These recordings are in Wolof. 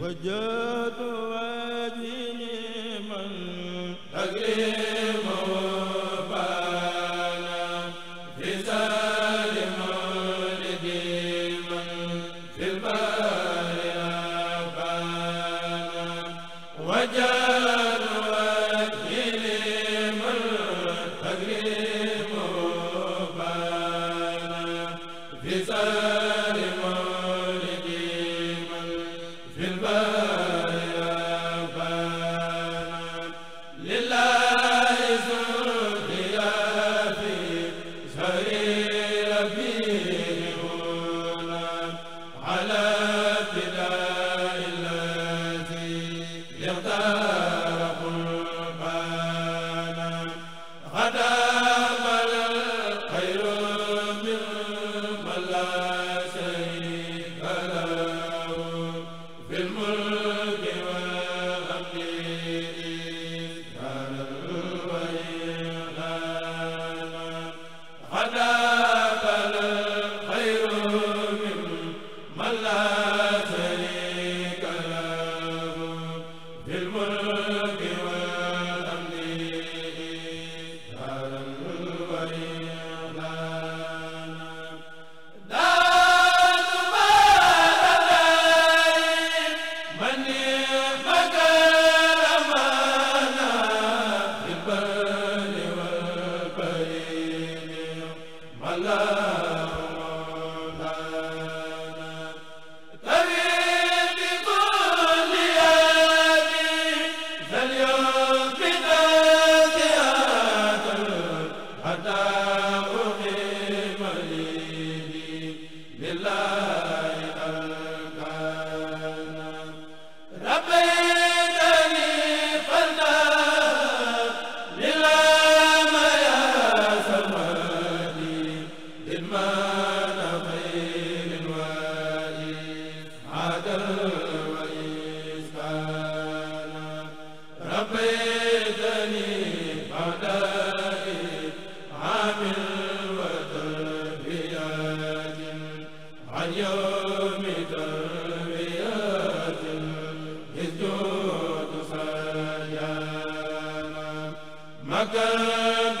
wajjatu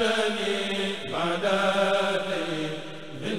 badani badani min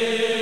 Amen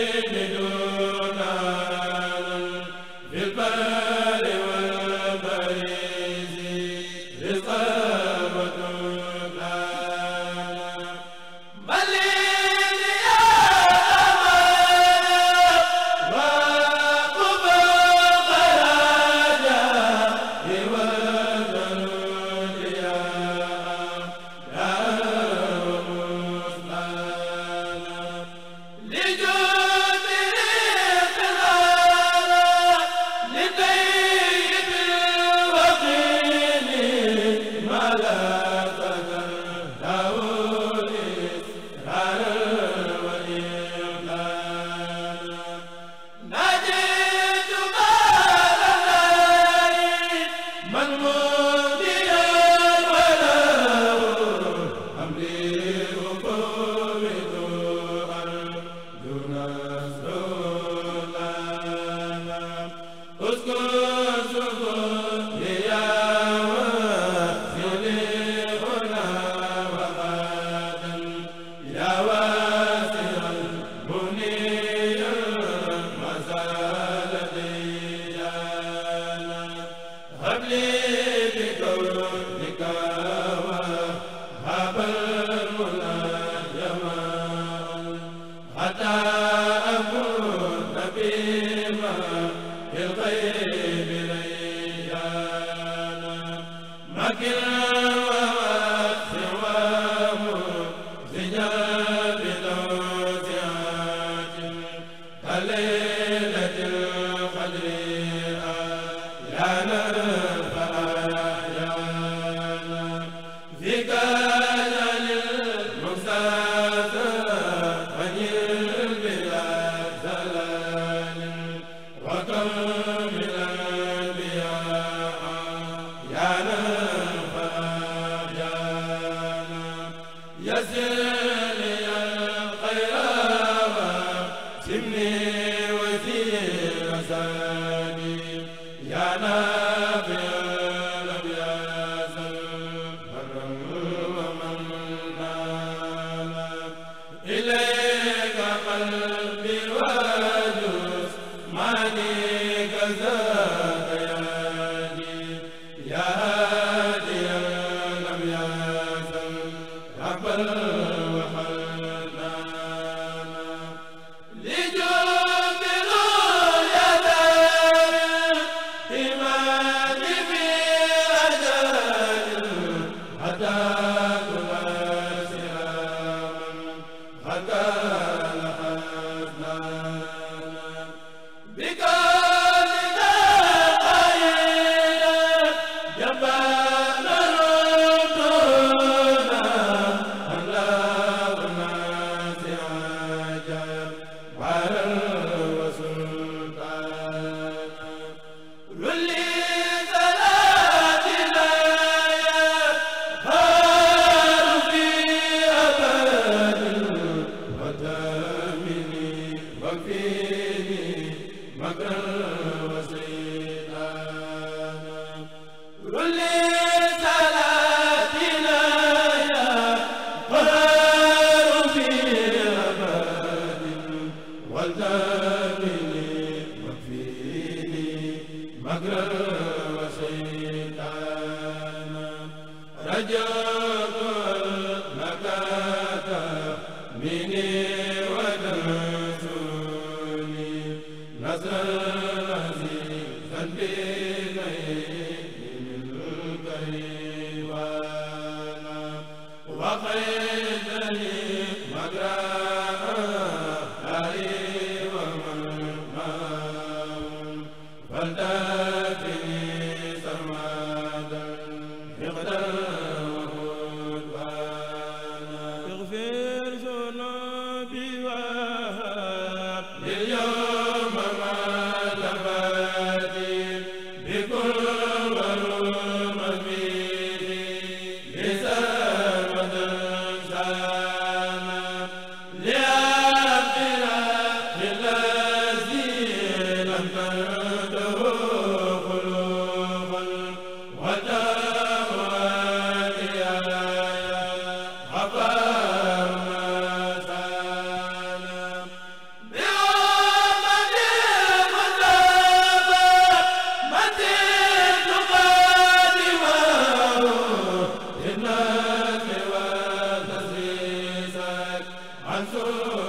azul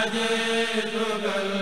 majidukal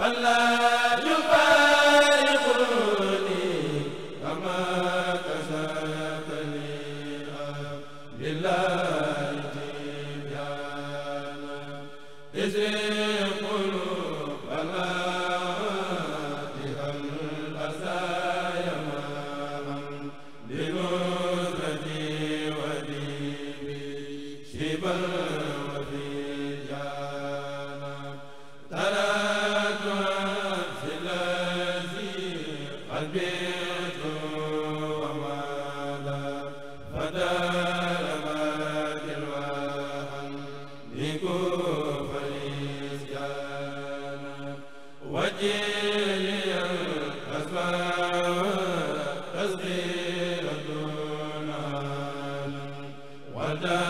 walla ta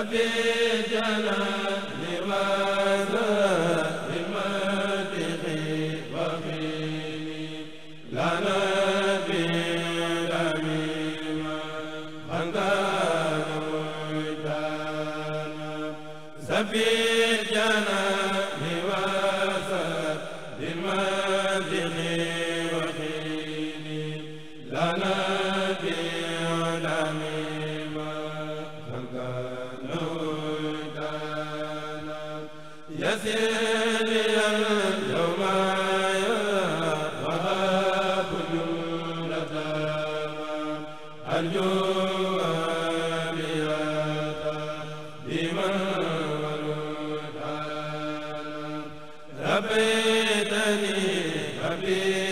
rabbi jalla bi